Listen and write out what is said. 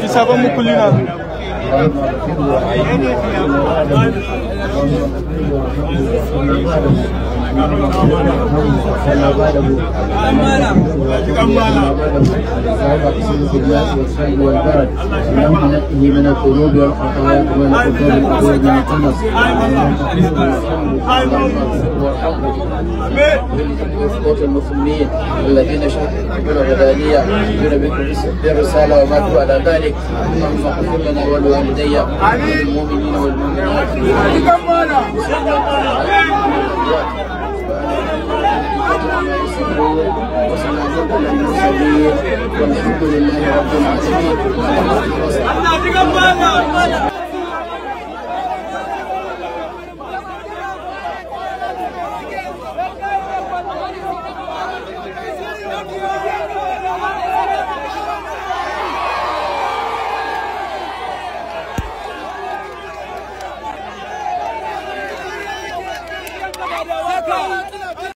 Ki sabon mukulli na. Thank you. والسلب والبرد اللهم نقه من الذنوب والخطايا ومن الكتاب ومن القمص واسقاط المسلمين الذين شهدوا الكبر الغدانية بالرسالة وماتوا على ذلك اللهم اغفر لنا ولوالدي وللمؤمنين والمؤمنات المرسلين والحمد لله رب العالمين Go!